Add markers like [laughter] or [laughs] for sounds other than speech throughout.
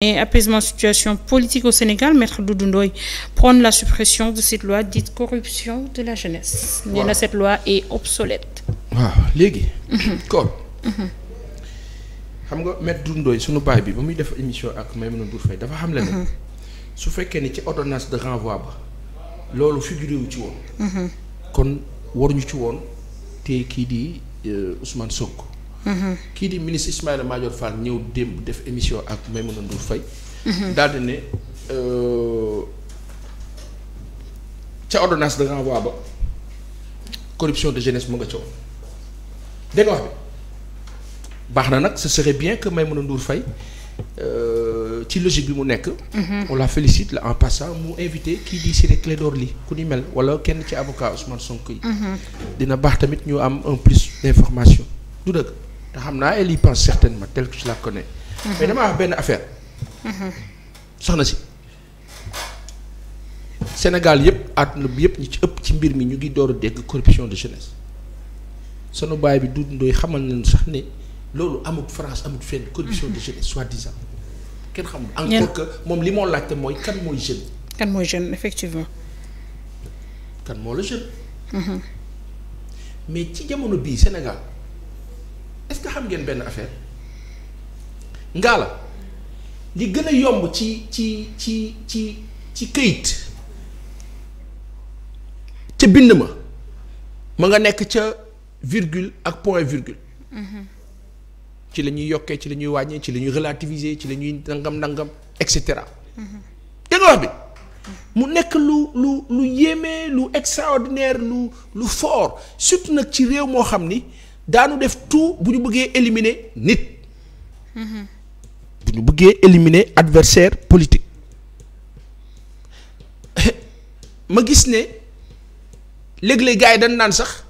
mais apaisement situation politique au Sénégal maître Doudou Ndoye prône la suppression de cette loi dite corruption de la jeunesse. nee cette loi est obsolète. léegi. kon. xam nga maître Doudou sunu baay bi ba muy def émission ak Maïmouna Ndour Faye dafa xam la ne. su fekkee ne ci ordonnance de renvoi ba loolu figuré wu ci woon. Mhm. kon waruñu ci woon te kii di euh, Ousmane Sonko. kii di ministre Ismaïla Madior Fall ñëw démb def émission ak Maïmouna Ndour Faye mhm. daal di ne euh, ca ordonnance de renvoi ba corruption de jeunesse mu nga coow dégg nga wax bi baax na nag ce serait bien que Maïmouna Ndour Faye euh, ci logique bi mu nekk. Mhm. on la félicite la en passant mu invité kii di Ciré Clédor Ly ku ni mel wala kenn ci avocat Ousmane Sonko yi. Mhm. dina baax tamit ñu am un plus d'information du dëgg. te xam naa elle y pense certainement tel que je la connais. Mhm. mais damaa wax benn affaire. Mhm. soxna si Sénégal yëpp àdduna bi yëpp ñu ci ëpp ci mbir mi ñu ngi door a dégg corruption de jeunesse sunu baay bi Doudou Ndoye xamal nañu sax ni loolu amul France amul fenn. corruption de mhm. jeunesse soi-disant. kenn xamul encore que moom li moo laajte mooy kan mooy jeune. kan mooy jeune effectivement. kan moo la jeune. mais ci jamono bii Sénégal. est-ce que xam ngeen benn affaire ngaa la li gën a yomb ci ci ci ci ci këyit ca bind ma mu nga nekk ca virgule ak point virgule mhm. ci la ñuy yokkee ci la wàññee ci la ñuy ci lañuy ñuy nangam nangam et mhm. wax bi mu nekk lu lu lu yéeme lu extraordinaire lu lu fort surtout nag ci réew moo xam ni daanu def tout bu ñu bëggee éliminer nit. bu ñu bëggee éliminer adversaire politique [laughs] ma gis ne léeg-léeg gars yi dañ naan sax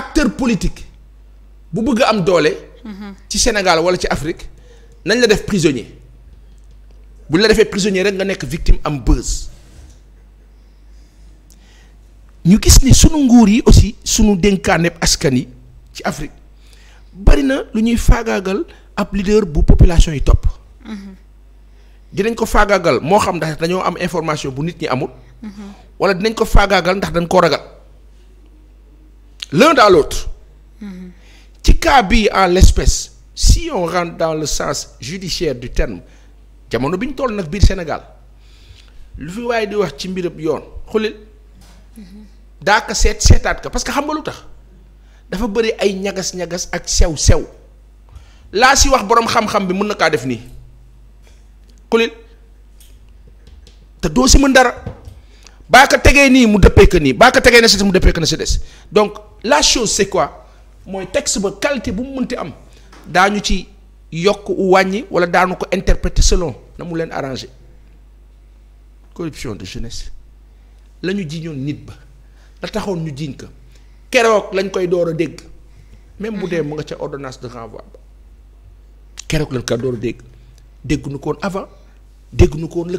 acteur politique bu bëgg am doole. ci Sénégal wala ci Afrique nañ la def prisonnier bu ñu la defee prisonnier rek nga nekk victime am buzz. ñu gis ni sunu nguur yi aussi suñu dénkaaneb askan yi ci Afrique bari na lu ñuy faagaagal ab leader bu population yi topp. Mm-hmm. dinañ ko faagaagal moo xam ndax dañoo am information bu nit ñi amul. Mm-hmm. wala dinañ ko faagaagal ndax dañ ko ragal. l'un dans l'autre. Mm-hmm. ci cas en l'espèce si on rentre dans le sens judiciaire du terme jamono bi ñu toll nag biir Sénégal lu fi waaye di wax ci mbirab yoon xulil. daa ko seet seetaat ko parce que xam nga lu tax dafa bëri ay ñagas-ñagas ak sew sew laa si wax boroom xam-xam bi mun na kaa def nii xulil te doo si mën dara baa ko tegee nii mu dëppee ko nii baa ko tegee na si des mu dëppee ko na si des donc la chose c'est quoi mooy texte ba qualité bu mu mënti am daañu ci yokk wàññi wala daanu ko interpréter selon na mu leen arranger corruption de jeunesse lañu ñu nit ba. la taxoon ñu jiiñ ko keroog lañ koy door a dégg même bu dee mhm. mu nga ca ordonnance de renvoi ba keroog lañ ko door a dégg dégg nu ko woon avant dégg nu ko woon nu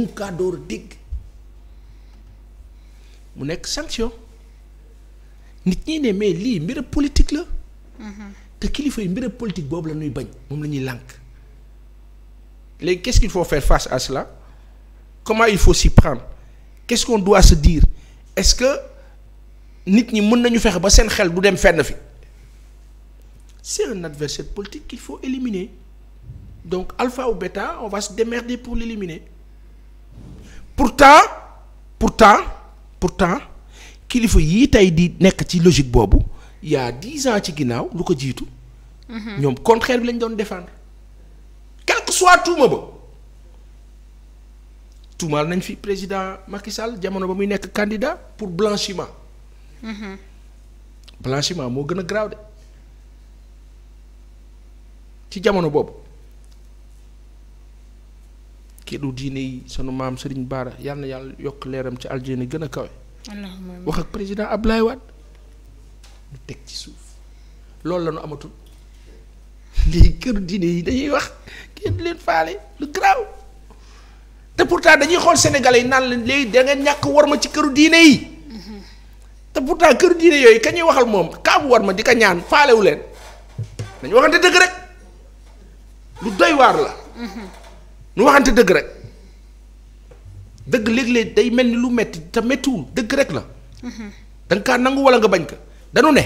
ngi kaa dégg mu nekk sanction nit ñi ne mais lii mbirab politique la mhm. te kilifa yi mbirab politique boobu la ñuy bañ moom lañuy lànk léegi qu'est-ce qu'il faut faire face à cela comment il faut s'y prendre quest doit se dire est-ce que nit ñi mën nañu fexe ba seen xel du dem fenn fi c'est un adversaire politique qu'il faut éliminer donc alpha ou bêta on va se démerder pour l'éliminer pourtant pourtant pourtant kilifa yii tey di nekk ci logique boobu il y a ans ci ginnaaw lu ko jiitu. Mhm. ñoom contraire bi lañ doon défendre. quel soit tuuma ba. tuumaal nañ fi président Macky Sall jamono ba muy nekk candidat pour blanchiment. Mhm. blanchiment moo gën a graaw de ci jamono boobu. keddu diine yi sunu maam Serigne Bara yal na yàlla yokk leeram ci aljana gën a kawe. wax ak président Ablaye Wade ñu teg ci suuf loolu la ñu amatul léegi [laughs] këru diine yi dañuy wax kenn leen faale lu graaw. te pourtant dañuy xool sénégalais yi naan la léegi da ngeen ñàkk war ma ci këru diine yi te pourtant këru diine yooyu ka ñuy waxal moom kaabu war ma di ka ñaan faalewu leen dañu waxante dëgg rek lu doy waar la ñu waxante dëgg rek dëgg léeg-léeg day mel ni lu metti te mettiwul dëgg rek la da nga kaa nangu wala nga bañ ko dañu ne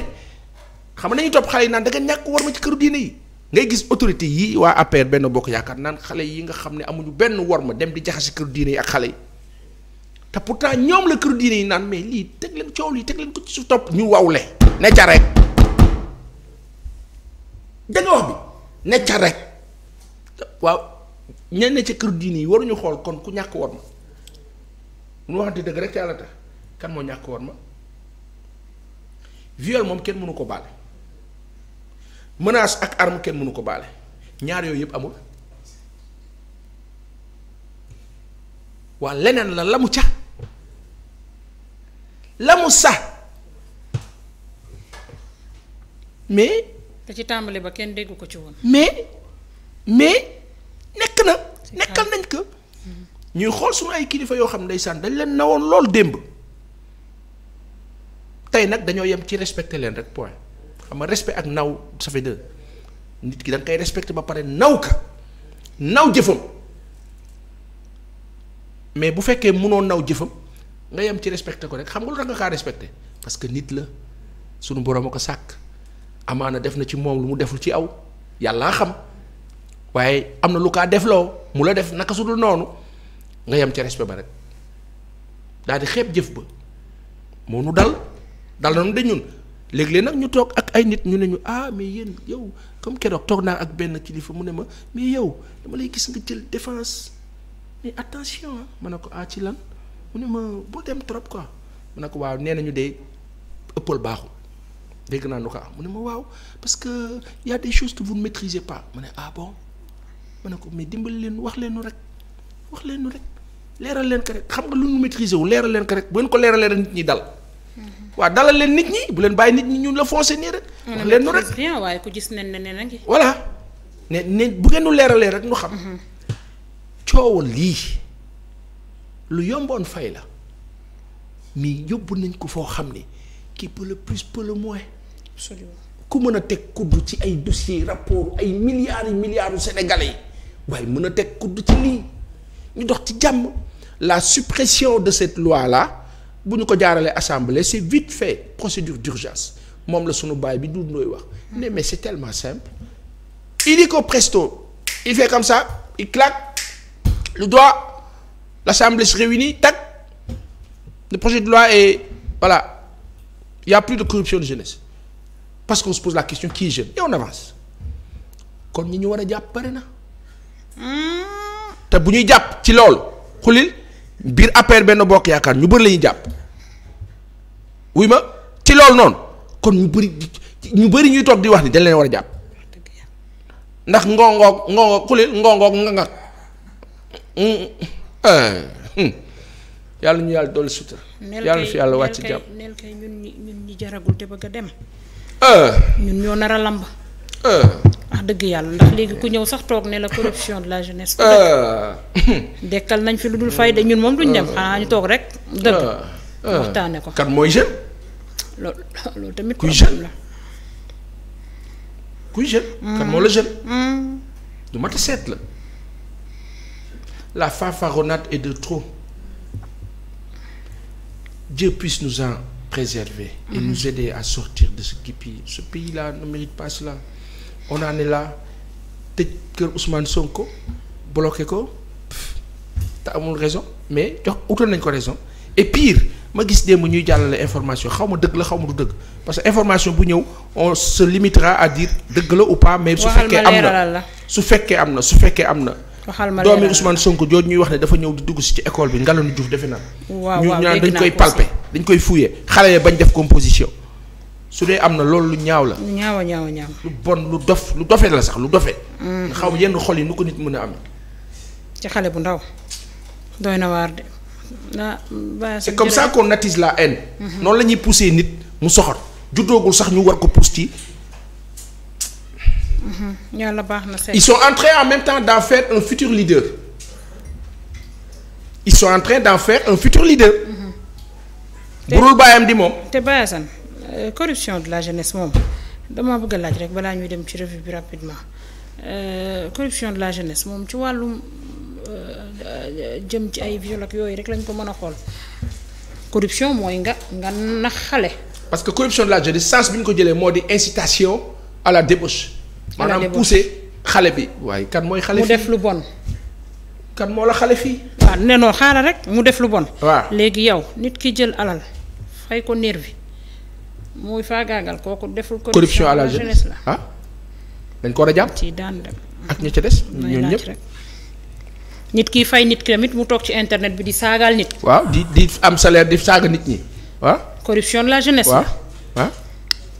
xam nañu topp xale yi naan da nga ñàkk war ma ci këru diine yi ngay gis autorité yi waa APR benn bokk yaakaar naan xale yi nga xam ne amuñu benn worma dem di jaxase kër diine yi ak xale yi te pourtant ñoom la kër diine yi naan mais lii teg leen coow lii teg leen ko ci su topp ñu wawle ne ca rek danga wax bi ne ca rek waaw ñenn ca kër diine yi waruñu xool kon ku ñàkk worma mu waxante dëgg rek yàlla tax kan moo ñàkk worma viol moom kenn mënu ko baale menace ak arme kenn mënu ko baale ñaar yooyu yëpp amul waa leneen la lamu ca lamu mu sa mais. te ci tàmbali ba kenn déggu ko ci woon. mais mais nekk na. nekkal nañ ko. ñuy xool suma ay kilifa yoo xam ne ndeysaan dañ leen woon loolu démb tey nag dañoo yem ci respecté leen rek point. xam nga respect ak naw ça fait nit ki da nga respecté ba pare naw ka naw jëfam mais bu fekkee mënoo naw jëfam nga yem ci respecté ko rek xam nga lu tax kaa respecté parce que nit la sunu borom a ko sàkk amaana def na ci moom lu mu deful ci aw yàllaa xam waaye am na lu kaa def defloo mu la def naka su dul noonu nga yem ci respect ba rek daal di xeeb jëf ba moo nu dal dal na nu de ñun léeg-léeg nag ñu toog ak. ay nit ñu ne ñu ah mais yéen yow comme keroog toog naa ak benn kilifa mu ne ma mais yow dama lay gis nga jël défense mais attention ah ma ne ko ah ci lan mu ne ma bul dem trop quoi ma ne ko waaw nee nañu dee ëppal baaxul dégg naa nu ko am ah. mu ne ma waaw parce que y a des choses que vous ne pas ma ne ah bon ma ne ko mais dimbali leen wax leen nu rek wax leen nu rek leeral leen ko rek xam nga lu nu maîtriser wu leeral leen ko rek bu ngeen ko leeralee rek nit ñi dal. Mm-hmm. waaw dalal leen nit ñi bu leen bàyyi nit ñi ñu la foncé nii rek. leen nu rek bien waaye ku gis nen ne ngi. voilà ne ne bu ngeen nu leeralee rek nu xam. Mm-hmm. coowal lii lu yomboon fay la mi yóbbu nañ ko foo xam ni qui peut le plus peut le moins. absolument ku mën a teg kudd ci ay dossiers rapport ay milliards yi milliards sénégalais yi waaye mën a teg kudd ci lii ñu dox ci jàmm la suppression de cette loi la bu ñu ko jaaralee assemblée c' est vite fait procédure d' urgence moom la suñu baay bi duud nooy wax ne mais c' tellement simple il dit que presto il fait comme ça il claque le doigt l'assemblée se réunit tac le projet de loi est voilà il plus de corruption de jeunesse parce qu'on se pose la question qui est jeune et on avance kon ñi ñu war a jàpp pare na hmm. te bu ñuy jàpp ci loolu xulil biir APR benn bokk yaakaar ñu bëri la jàpp wuy ma ci loolu noonu kon ñu bëri ñu bëri ñuy toog di wax ni dañ leen war a jàpp ndax ngongoog ngongoog xuleel ngongoog ngangak eh, hmm. yàlla ñu yàlla dolli sutura. yàlla na fi yàlla wàcc jàmm neel kay ñun ñi dem. Eh. ñoo nar a dëgg yàlla ndax léegi ku ñëw sax toog ne la corruption de la jeunesse. Ah. dekkal nañ fi lu dul fay fayda ñun moom ñu dem ah. xanaa ñu toog rek. dëgg ah. waxtaane mooy jeune. loolu loolu tamit. kuy jeune la kuy jeune. kan moo la jeune. Mm. Mm. du mat a seet la. la fanfaronnade est de trop. Dieu puisse nous en préserver. et mmh. nous aider à sortir de ce guipier. ce pays-là ne mérite pas on en est là tëj kër Ousmane Sonko bloqué ko te amul raison mais jox utal nañ ko raison et pire ma gis démb ñuy jàllale information xaw ma dëgg la xaw ma du dëgg parce que information bu ñëw on se limitera à dire dëgg la ou pas mais su fekkee am na su fekkee am na su fekkee am na waxal ma doomi Ousmane Sonko jooju ñuy wax ne dafa ñëw di dugg si ci école bi Ngalandou Diouf defe naa. waaw waaw ñu ñaan dañ koy palper dañ koy fouiller xale ya bañ def composition. su dee am na loolu lu ñaaw la. lu ñaaw a ñaaw a ñaaw. lu bon lu dof lu dofee la sax lu dofee. Mm. xaw yenn xol yi nu ko nit mën a amee. ci xale bu ndaw. doy na waar de. c'est comme ça qu'on la haine. Mm-hmm. la ñuy pousser nit mu soxor juddoogul sax ñu war ko pousse ci. Mm-hmm. yàlla baax na ils sont en train en même temps d'en faire un futur leader. ils sont en train mm-hmm. bu dul bàyyam di moom. te bàyyasan Euh, corruption de la jeunesse moom damaa bëgg laaj rek balaa ñuy dem ci revue bi rapidement euh, corruption de la jeunesse moom ci wàllu euh, jëm ci ay viol yooyu rek lañ ko mën a xool corruption mooy nga nga na xale. parce que corruption de la jeunesse sens bi ñu ko jëlee moo di incitation à la débauche. maanaam poussé xale bi waaye kan mooy. xale fii mu def lu bon. kan moo la xale fii. waaw nenoo xaaral rek mu def lu bon. waa léegi yow nit ki jël alal fay ko nervi muy faagaagal kooku deful. corruption à la jeunesse la ah? dañ koo war a jàpp ci daan dem ak ña ca des. ñooñu ñëpp nit ki fay nit ki tamit mu toog ci internet bi di saagaal nit. waaw di di am salaire di saaga nit ñi waaw. corruption de la jeunesse la waaw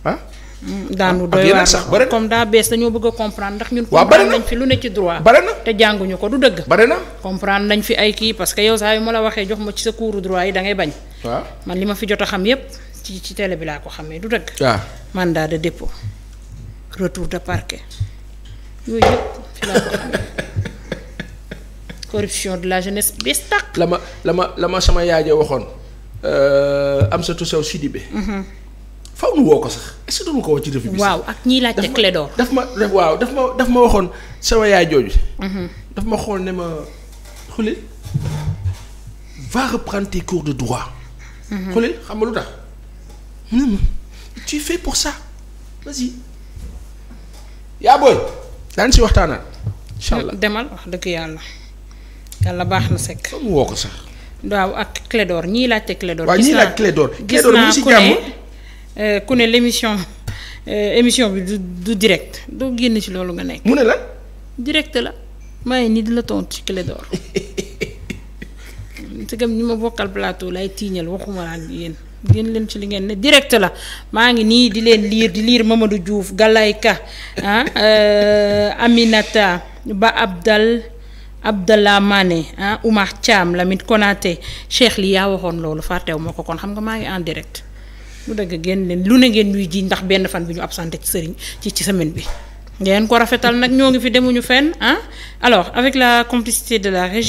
waaw mm, daanu ah, doy waar sax bare comme daa bees dañoo bëgg a comprendre ndax ñun comprendre nañ fi lu ne ci droit bare na te jànguñu ko du dëgg bare na comprendre nañ fi ay kii parce que yow saa yu ma la waxee jox ma ci sa kuuru droit yi dangay bañ waaw man li ma fi jot a xam yépp ci ci télé bi laa ko xamee du dëgg. waaw ah. mandat de dépôt retour de parquet yooyu yëpp fi laa ko xamee [laughs] corruption de la jeunesse bés tàq. la ma la ma la ma sama yaay ja waxoon euh, Amsatou Sow Sidibé. Mhm. faw waaw ak ñiy laajte clé daf ma waaw daf ma daf ma waxoon sama yaay jooju. Mhm. daf ma xool ne ma xulil va reprendre tes cours de droit. xulil mhm. xam nga lu tax. non non tu fais pour ça vas-y. yaa booy. daañu si waxtaanal. incha demal wax dëgg yàlla. yàlla baax na sekk. comme woo ko sax. waaw ak Clédor ñii laajte Clédor. waaw ñii laaj Clédor. gis ku ne euh, ku euh, émission bi du du direct doo génn ci loolu nga nekk. mu ne la. direct la maa ngi nii di la tontu ci Clédor. [laughs] te gam ñi ma bokkal plateau lay tiiñal waxuma laa yéen. génn leen ci li ngeen ne direct la maa ngi nii di leen liir di liir Mamadou Diouf Galayka ah euh, Aminata Ba Abdal Abdallah Mané ah Oumar Thiam Lamine Konaté Cheikh li yaa waxoon loolu fàttew moo ko kon xam nga maa ngi en direct lu dëgg génn leen lu ne ngeen ñuy ji ndax benn fan bi ñu absenté ci sëriñ ci ci semaine bi ngeen ko rafetal nag ñoo ngi fi demuñu fenn ah alors avec la complicité de la